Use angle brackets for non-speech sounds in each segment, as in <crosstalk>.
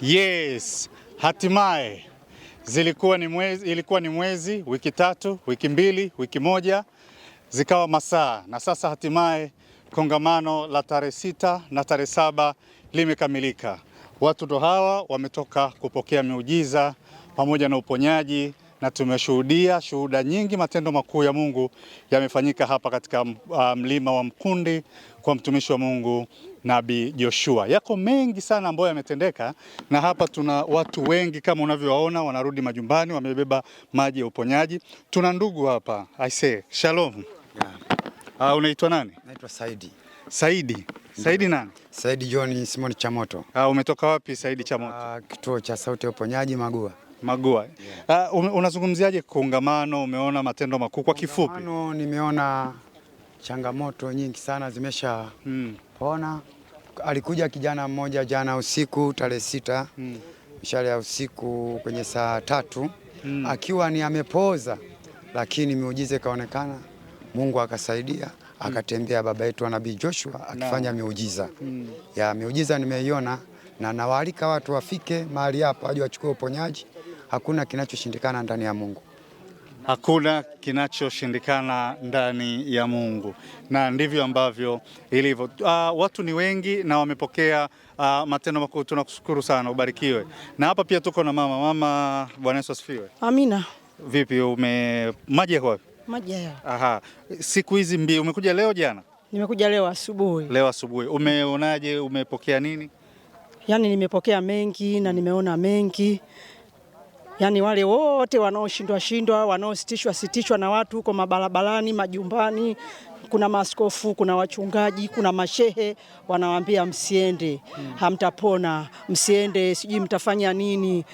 Yes, hatimaye zilikuwa ni mwezi, ilikuwa ni mwezi, wiki tatu, wiki mbili, wiki moja zikawa masaa, na sasa hatimaye kongamano la tarehe sita na tarehe saba limekamilika. ndo hawa wametoka kupokea miujiza pamoja na uponyaji, na tumeshuhudia shuhuda nyingi. Matendo makuu ya Mungu yamefanyika hapa katika uh, mlima wa Mkundi kwa mtumishi wa Mungu Nabii Joshua. Yako mengi sana ambayo yametendeka, na hapa tuna watu wengi kama unavyowaona wanarudi majumbani, wamebeba maji ya uponyaji. Tuna ndugu hapa say shalom yeah. Uh, unaitwa nani? Naitwa Saidi. Saidi. Saidi nani? Saidi John Simon Chamoto. Uh, umetoka wapi Saidi Chamoto? Uh, kituo cha sauti ya uponyaji Magua Magua. Yeah. Uh, unazungumziaje kongamano? Umeona matendo makuu kwa kifupi? Kongamano nimeona changamoto nyingi sana zimesha mm. Alikuja kijana mmoja jana usiku tarehe sita mm. mishale ya usiku kwenye saa tatu mm. akiwa ni amepoza, lakini miujiza ikaonekana, Mungu akasaidia hmm. akatembea baba yetu wa nabii Joshua akifanya miujiza mm. ya miujiza nimeiona, na nawaalika watu wafike mahali hapa waje wachukue uponyaji. Hakuna kinachoshindikana ndani ya Mungu. Hakuna kinachoshindikana ndani ya Mungu, na ndivyo ambavyo ilivyo. Uh, watu ni wengi na wamepokea uh, matendo makuu. Tunakushukuru sana, ubarikiwe. Na hapa pia tuko na mama mama. Bwana Yesu asifiwe. Amina. Vipi, ume maji yako wapi? Maji haya. Aha, siku hizi mbili umekuja leo? Jana nimekuja leo asubuhi. Leo asubuhi, umeonaje? Umepokea nini? Yaani nimepokea mengi na nimeona mengi yani wale wote wanaoshindwa shindwa wanaositishwa sitishwa na watu huko mabarabarani, majumbani kuna maaskofu, kuna wachungaji, kuna mashehe wanawaambia msiende, hmm. hamtapona, msiende, sijui mtafanya nini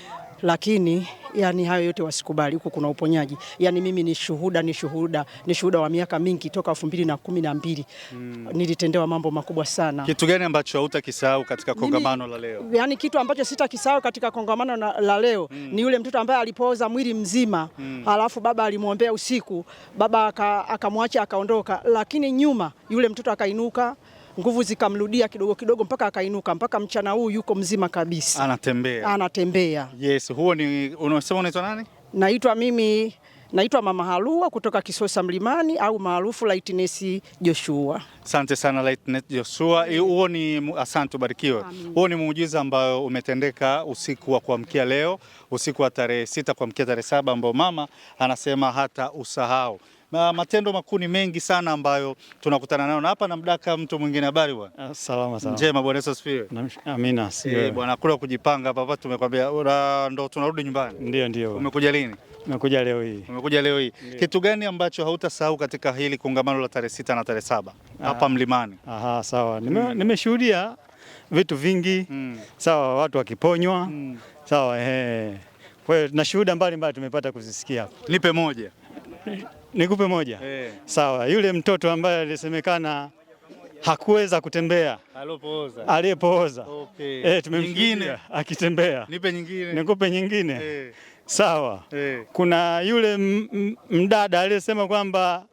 lakini yani hayo yote wasikubali, huko kuna uponyaji. Yani mimi ni shuhuda, ni shuhuda, ni shuhuda wa miaka mingi toka elfu mbili na kumi na mbili mm. nilitendewa mambo makubwa sana. Kitu gani ambacho hautakisahau katika kongamano la leo? Yani kitu ambacho sitakisahau katika kongamano la leo mm. ni yule mtoto ambaye alipooza mwili mzima mm. alafu baba alimwombea usiku, baba akamwacha aka akaondoka, lakini nyuma yule mtoto akainuka nguvu zikamrudia kidogo kidogo mpaka akainuka, mpaka mchana huu yuko mzima kabisa, anatembea anatembea. Yes, huo ni unasema, unaitwa nani? Naitwa mimi naitwa Mama Halua kutoka Kisosa Mlimani au maarufu Lightness Joshua. Asante sana Lightness Joshua. Huo ni asante, ubarikiwe. Huo ni muujiza ambao umetendeka usiku wa kuamkia leo, usiku wa tarehe sita kuamkia tarehe saba ambao mama anasema hata usahau matendo makuu ni mengi sana ambayo tunakutana nayo na hapa na mdaka mtu mwingine. Habari bwana? Ah, salama sana. Njema, bwana Yesu asifiwe. Amina. Eh, bwana kula kujipanga hapa hapa, tumekwambia ndo tunarudi nyumbani. Ndio, ndio. Umekuja lini? Umekuja leo hii. Umekuja leo hii. Kitu gani ambacho hautasahau katika hili kongamano la tarehe sita na tarehe saba ah. hapa Mlimani? Aha, sawa. Mm. Nimeshuhudia vitu vingi mm. Sawa, watu wakiponywa mm. Sawa, eh. Kwa hiyo na shuhuda mbalimbali tumepata kuzisikia. Nipe moja nikupe moja hey. Eh. Sawa, yule mtoto ambaye alisemekana hakuweza kutembea aliyepooza, okay. E, tumemfikia akitembea. Nipe nyingine. Nikupe nyingine hey. Eh. Sawa hey. Kuna yule mdada aliyesema kwamba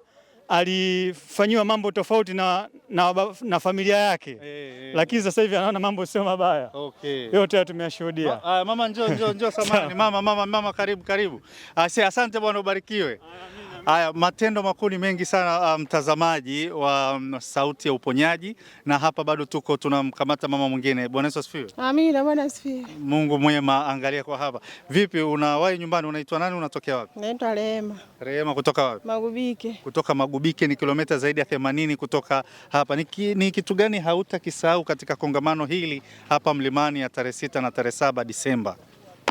alifanyiwa mambo tofauti na, na, na familia yake hey, hey. Lakini sasa hivi anaona mambo sio mabaya okay. Yote hayo tumeyashuhudia. Ma, ah, mama njoo njoo njoo, <laughs> samani mama, mama, mama, karibu karibu. Ah, asante bwana, ubarikiwe. Ah, Haya matendo makuu ni mengi sana ah, mtazamaji, um, wa um, Sauti ya Uponyaji, na hapa bado tuko tunamkamata mama mwingine. Bwana Yesu asifiwe. Amina, Bwana asifiwe. Mungu mwema, angalia kwa hapa. Vipi, unawahi nyumbani? Unaitwa nani? Unatokea wapi? Naitwa Rehema. Rehema, kutoka wapi? Magubike. Kutoka Magubike ni kilomita zaidi ya 80 kutoka hapa. Ni, ki, ni kitu gani hautakisahau katika kongamano hili hapa Mlimani ya tarehe 6 na tarehe 7 Disemba?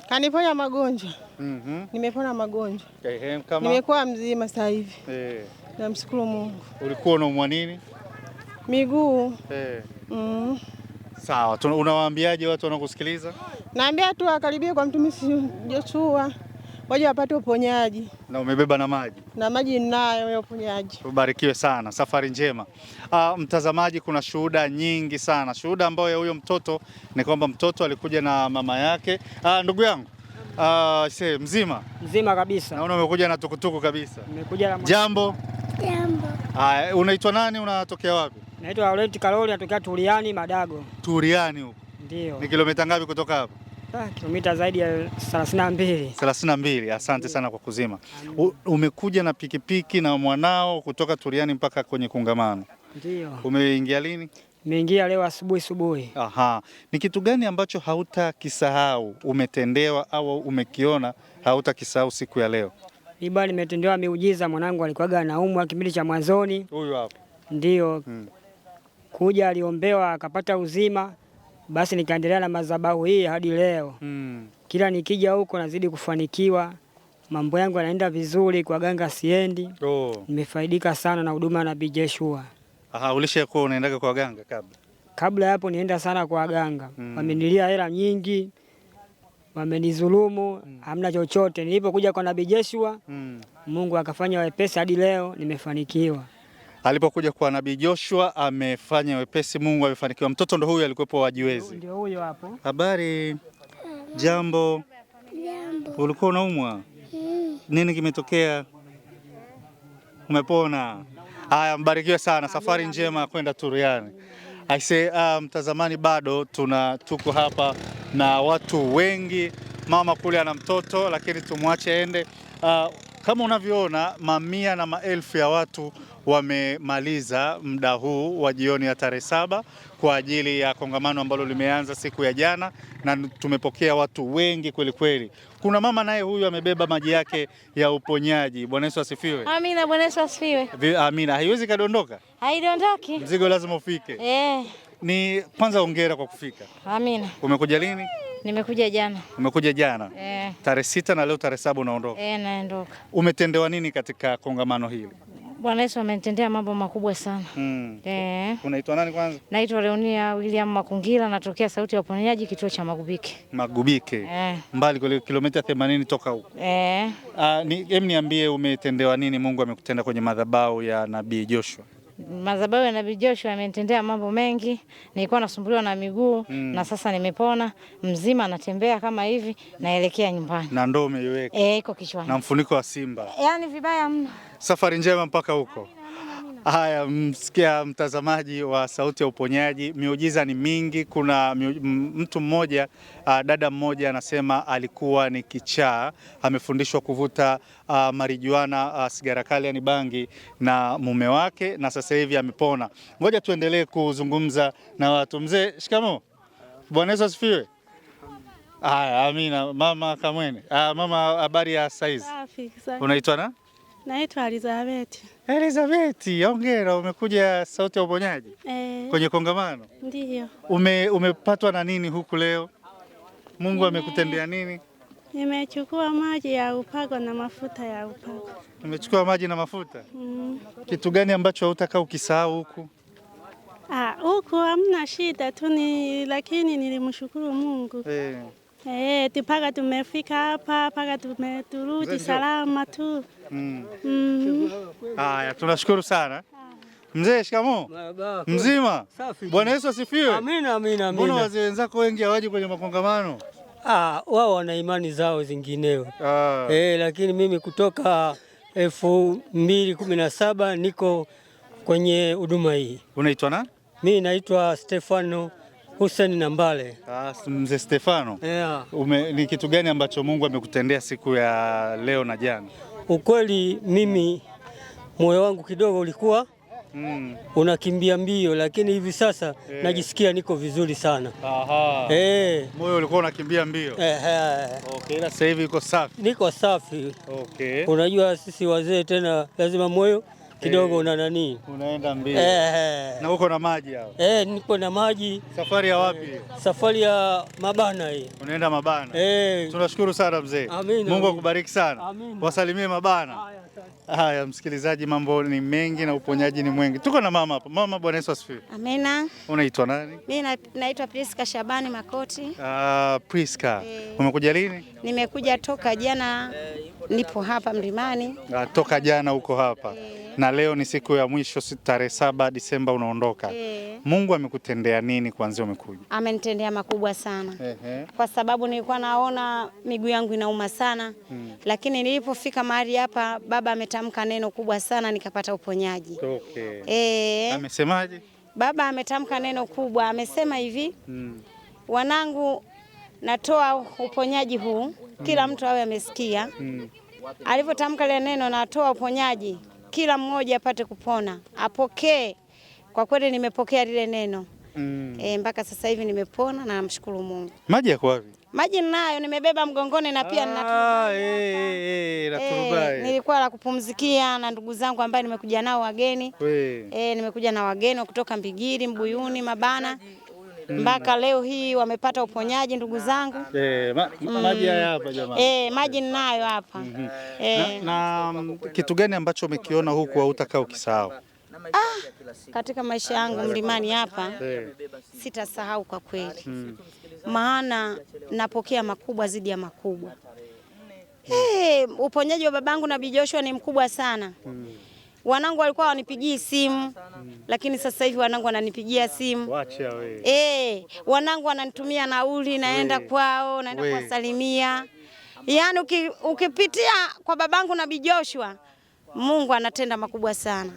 Kaniponya magonjwa mm -hmm. Nimepona magonjwa eh, eh, kama... nimekuwa mzima sasa hivi eh. Namshukuru Mungu. Ulikuwa unaumwa nini? Miguu eh. mm. Sawa, unawaambiaje watu wanakusikiliza? Naambia tu wakaribie kwa mtumishi Joshua waje wapate uponyaji. Na umebeba na maji na maji ninayo ya uponyaji. Ubarikiwe sana, safari njema. Uh, mtazamaji, kuna shuhuda nyingi sana. Shuhuda ambayo ya huyo mtoto ni kwamba mtoto alikuja na mama yake. Uh, ndugu yangu Uh, mzima mzima kabisa. Naona umekuja na tukutuku kabisa. Nimekuja na jambo jambo. Ah, unaitwa nani? Unatokea wapi? Naitwa Laurent Kaloli, natokea Turiani Madago. Turiani huko ndio. Ni kilomita ngapi kutoka hapa? Ah, kilomita zaidi ya 32. 32. Asante sana kwa kuzima. U, umekuja na pikipiki na mwanao kutoka Turiani mpaka kwenye kongamano. Ndio. Umeingia lini? Nimeingia leo asubuhi asubuhi. Aha. Ni kitu gani ambacho hautakisahau umetendewa au umekiona hautakisahau siku ya leo? Iba nimetendewa miujiza, mwanangu alikuwaga anaumwa kipindi cha mwanzoni. Huyu hapo. Ndio. Hmm. Kuja aliombewa akapata uzima, basi nikaendelea na madhabahu hii hadi leo. Hmm. Kila nikija huko nazidi kufanikiwa, mambo yangu yanaenda vizuri, kwa ganga siendi. Oh. Nimefaidika sana na huduma ya Nabii Aha, ulishakuwa unaendaga kwa waganga kabla? Kabla ya hapo nienda sana kwa waganga mm. Wamenilia hela nyingi, wamenizulumu mm. Hamna chochote. Nilipokuja kwa Nabii Joshua mm. Mungu akafanya wepesi hadi leo nimefanikiwa. Alipokuja kwa Nabii Joshua amefanya wepesi, Mungu amefanikiwa. Mtoto ndo huyu alikuwepo wajiwezi, ndio huyo hapo. Habari, jambo. Jambo. Ulikuwa unaumwa mm. Nini kimetokea? Umepona? Haya, mbarikiwe sana, safari njema kwenda Turiani. Aise, uh, mtazamani, um, bado tuna tuko hapa na watu wengi, mama kule ana mtoto lakini tumwache aende. Uh, kama unavyoona mamia na maelfu ya watu wamemaliza muda huu wa jioni ya tarehe saba kwa ajili ya kongamano ambalo limeanza siku ya jana, na tumepokea watu wengi kweli kweli. Kuna mama naye huyu amebeba maji yake ya uponyaji. Bwana Yesu asifiwe. Amina. Bwana Yesu asifiwe. Amina. Haiwezi kadondoka, haidondoki, mzigo lazima ufike. Eh, ni kwanza, hongera kwa kufika. Amina. Umekuja lini? Nimekuja jana. Umekuja jana eh? Tarehe sita na leo tarehe saba unaondoka eh? Naondoka. Umetendewa nini katika kongamano hili? Bwana Yesu amenitendea mambo makubwa sana. Mm. Eh. Unaitwa nani kwanza? Naitwa Leonia William Makungira, natokea Sauti ya Uponyaji, kituo cha Magubike. Magubike. Eh. Mbali kule kilomita 80 toka huko. Eh. Ah, ni, hem niambie umetendewa nini, Mungu amekutenda kwenye madhabahu ya Nabii Joshua? Madhabahu ya Nabii Joshua amenitendea mambo mengi. Nilikuwa nasumbuliwa na miguu mm. na sasa nimepona mzima, natembea kama hivi, naelekea nyumbani. Na ndoo umeiweka? Eh, iko kichwani. Na mfuniko wa simba. Yaani vibaya mno. Safari njema mpaka huko. Haya, msikia mtazamaji wa Sauti ya Uponyaji, miujiza ni mingi. Kuna mtu mmoja uh, dada mmoja anasema alikuwa ni kichaa, amefundishwa kuvuta uh, marijuana uh, sigara kali, yani bangi, na mume wake, na sasa hivi amepona. Ngoja tuendelee kuzungumza na watu. Mzee, shikamo. Bwana Yesu asifiwe. Haya, amina. Mama Kamwene, uh, mama, habari ya saizi? Unaitwa na Naitwa Elizabeth. Elizabeth, hongera umekuja sauti ya uponyaji e, kwenye kongamano. Ndiyo. Ume, umepatwa na nini huku leo? Mungu amekutendea nini? Nimechukua maji ya upako na mafuta ya upako. Umechukua maji na mafuta. Mm. Kitu gani ambacho hautakaa ukisahau huku? Ah, huku hamna shida tu ni lakini nilimshukuru Mungu Eh. Eh, mpaka tumefika hapa mpaka tumeturudi salama tu. Mm. Mm. tunashukuru sana mzee. Shikamo mzima. Bwana Yesu asifiwe. Amina, amina, amina. Mbona wazee wenzako wengi hawaji kwenye makongamano? Ah, wao wana imani zao zinginewe ah. Eh, lakini mimi kutoka elfu mbili kumi na saba niko kwenye huduma hii. Unaitwa nani? Mimi naitwa Stefano Hussein Nambale. Ah, mzee Stefano. Yeah. Ume, ni kitu gani ambacho Mungu amekutendea siku ya leo na jana? ukweli mimi moyo wangu kidogo ulikuwa Mm. Unakimbia mbio lakini hivi sasa e, najisikia niko vizuri sana. Aha. E. Moyo ulikuwa unakimbia mbio. Ehe. Eh. Okay, sasa hivi uko safi. Niko safi. Okay. Unajua sisi wazee tena lazima moyo kidogo eh, una nani, unaenda mbili eh, eh, na uko na maji hapo eh? Niko na maji. Safari ya wapi? Eh, safari ya Mabana hii. Unaenda Mabana eh? Tunashukuru sana mzee, Mungu akubariki sana. Amina. Wasalimie Mabana. Haya, msikilizaji, mambo ni mengi na uponyaji ni mwingi. Tuko na mama hapa. Mama, Bwana Yesu asifiwe. Amina. Unaitwa nani? Mimi naitwa Priska Shabani Makoti. Ah, Priska. E. Umekuja lini? Nimekuja toka jana, nipo hapa Mlimani. Ah, toka jana uko hapa e na leo ni siku ya mwisho tarehe saba Disemba unaondoka e. Mungu amekutendea nini kwanzia umekuja? Amenitendea makubwa sana e, kwa sababu nilikuwa naona miguu yangu inauma sana hmm. Lakini nilipofika mahali hapa baba ametamka neno kubwa sana nikapata uponyaji okay. E. Amesemaje? Baba ametamka neno kubwa, amesema hivi hmm. Wanangu, natoa uponyaji huu kila hmm. mtu awe amesikia hmm. alivyotamka ile neno, natoa uponyaji kila mmoja apate kupona, apokee. Kwa kweli nimepokea lile neno mm. E, mpaka sasa hivi nimepona na namshukuru Mungu. Maji yako wapi? Maji ninayo nimebeba mgongoni na pia ah, e, e, e, nilikuwa la kupumzikia na ndugu zangu ambaye nimekuja nao wageni e, nimekuja na wageni kutoka Mbigiri, Mbuyuni, Mabana Mm. mpaka leo hii wamepata uponyaji ndugu zangu. E, ma, mm. maji haya hapa jamani. E, eh, maji ninayo hapa mm -hmm. E. Na, na mm, kitu gani ambacho umekiona huku hautakaa ukisahau? Ah, katika maisha yangu mlimani hapa sitasahau kwa kweli hmm. Maana napokea makubwa zidi ya makubwa. Mm. Hey, uponyaji wa babangu na Bi Joshua ni mkubwa sana hmm. Wanangu walikuwa wanipigii simu Lakini sasa hivi wanangu wananipigia simu. Wacha we. Eh, wanangu wananitumia nauli naenda we. kwao naenda kuwasalimia. Yaani uki, ukipitia kwa babangu na bijoshua Mungu anatenda makubwa sana.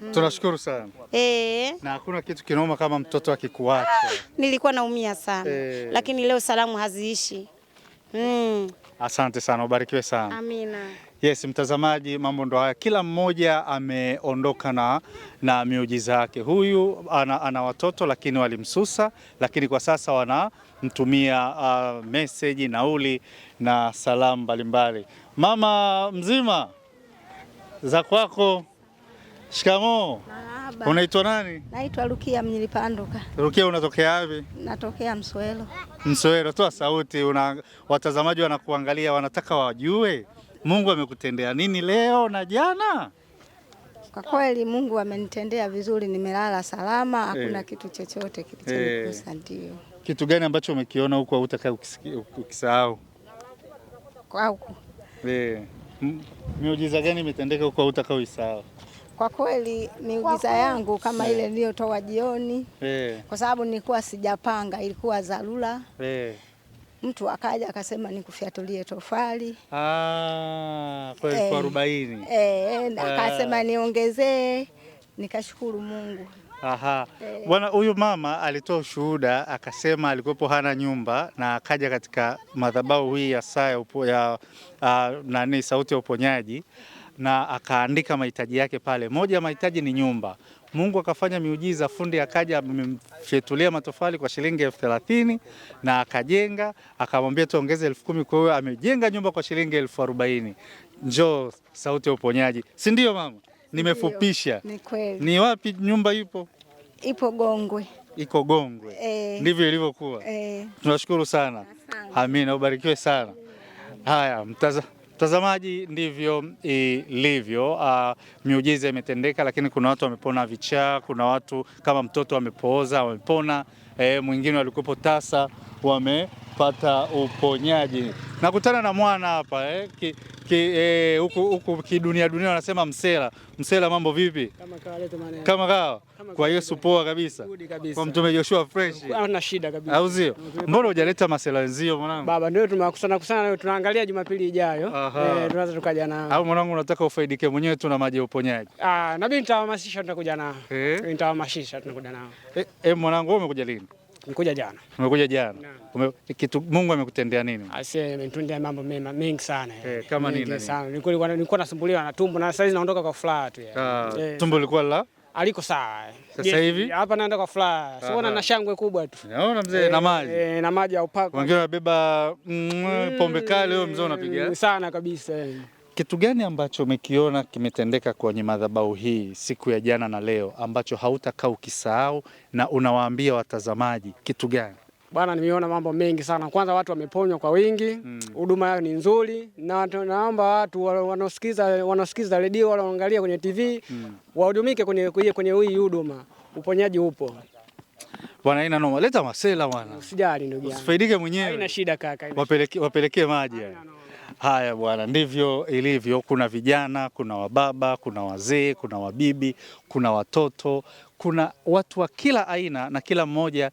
Hmm. Tunashukuru sana e. Na hakuna kitu kinoma kama mtoto akikuacha. Ah, nilikuwa naumia sana e. Lakini leo salamu haziishi. Mm. Asante sana, ubarikiwe sana. Amina. Yes, mtazamaji, mambo ndo haya. Kila mmoja ameondoka na, na miujiza yake. Huyu ana, ana watoto lakini walimsusa, lakini kwa sasa wanamtumia uh, meseji, nauli na salamu mbalimbali. Mama mzima, za kwako. Shikamoo. Unaitwa nani? Naitwa Rukia Mnyilipanduka. Rukia, unatokea wapi? Natokea Mswelo. Mswelo, toa sauti, una watazamaji wanakuangalia, wanataka wajue Mungu amekutendea nini leo na jana? Kwa kweli Mungu amenitendea vizuri, nimelala salama, hakuna hey, eh. kitu chochote kilichonikosa. Hey, eh. ndio kitu gani ambacho umekiona huko hautaka ukisahau? Hey, eh. miujiza gani imetendeka huko hautaka uisahau? Kwa kweli miujiza yangu kama hey, ile niliyotoa jioni hey, kwa sababu nilikuwa sijapanga, ilikuwa dharura hey mtu akaja akasema nikufyatulie tofali ah, kwa elfu eh, eh, ah. akasema niongezee, nikashukuru Mungu. Aha. Eh. Bwana huyu mama alitoa ushuhuda akasema alikuwepo hana nyumba na akaja katika madhabahu hii ya saa ya, ya ah, nani sauti ya uponyaji na akaandika mahitaji yake pale. Moja ya mahitaji ni nyumba. Mungu akafanya miujiza, fundi akaja amemfyetulia matofali kwa shilingi elfu thelathini na akajenga, akamwambia tuongeze elfu kumi Kwa hiyo amejenga nyumba kwa shilingi elfu arobaini Njoo Sauti ya Uponyaji, si ndio mama? Nimefupisha. Ni kweli. Ni wapi nyumba ipo? Ipo Gongwe. Iko Gongwe e. Ndivyo ilivyokuwa e. Tunashukuru sana. Asante. Amina, ubarikiwe sana. Haya mtaza Mtazamaji, ndivyo ilivyo. Uh, miujiza imetendeka, lakini kuna watu wamepona vichaa, kuna watu kama mtoto amepooza, wamepona. E, eh, mwingine alikuwepo tasa wamepata uponyaji. Nakutana na mwana hapa eh, ki, ki, eh, huku, huku kidunia dunia wanasema msela msela, mambo vipi? Kama kawa lete maneno kama kawa. Kwa Yesu poa kabisa, kabisa. Kwa mtume Joshua fresh, hana shida kabisa, au sio? Mbona hujaleta masela wenzio mwanangu? Baba ndio tumekusana kusana nayo, tunaangalia Jumapili ijayo eh, tunaweza tukaja na Au mwanangu, unataka ufaidike mwenyewe tu na maji ya uponyaji? Ah, na mimi nitawahamasisha, tutakuja nao eh, nitawahamasisha, tunakuja nao eh. Eh, mwanangu wewe umekuja lini? Nikuja jana. Umekuja jana. Ume, kitu Mungu amekutendea nini? Asante, amenitendea mambo mema mengi sana. Eh, kama nini? Sana. Nilikuwa nilikuwa nasumbuliwa na tumbo na sasa hivi naondoka kwa furaha tu. Eh, tumbo lilikuwa la aliko sawa. Sasa hivi hapa naenda kwa furaha. Siona na shangwe kubwa tu. Naona mzee eh, na maji. Eh, na maji ya upako. Wengine wanabeba mm, pombe kali, wewe mzee unapiga. Mm, sana kabisa. Kitu gani ambacho umekiona kimetendeka kwenye madhabahu hii siku ya jana na leo ambacho hautakaa ukisahau na unawaambia watazamaji kitu gani? Bwana, nimeona mambo mengi sana. Kwanza watu wameponywa kwa wingi, hmm. huduma mm, yao ni nzuri, na naomba watu wanaosikiza wanaosikiza redio wanaangalia kwenye TV mm, wahudumike kwenye kwenye hii huduma, uponyaji upo Bwana ina noma. Leta masela bwana. Usijali ndugu yangu. Usifaidike mwenyewe. Haina shida kaka. Wapelekee wapelekee maji. Haya bwana, ndivyo ilivyo. Kuna vijana, kuna wababa, kuna wazee, kuna wabibi, kuna watoto, kuna watu wa kila aina na kila mmoja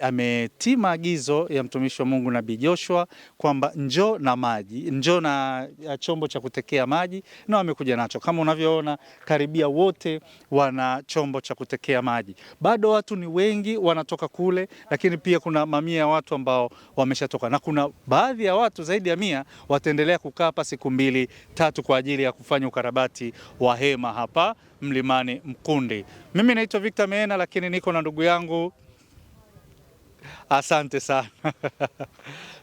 ametii maagizo ya mtumishi wa Mungu Nabii Joshua kwamba njoo na maji, njoo na chombo cha kutekea maji, na wamekuja nacho. Kama unavyoona, karibia wote wana chombo cha kutekea maji. Bado watu ni wengi wanatoka kule, lakini pia kuna mamia ya watu ambao wameshatoka, na kuna baadhi ya watu zaidi ya mia wataendelea kukaa hapa siku mbili tatu kwa ajili ya kufanya ukarabati wa hema hapa Mlimani Mkundi. Mimi naitwa Victor Meena, lakini niko na ndugu yangu. Asante sana <laughs>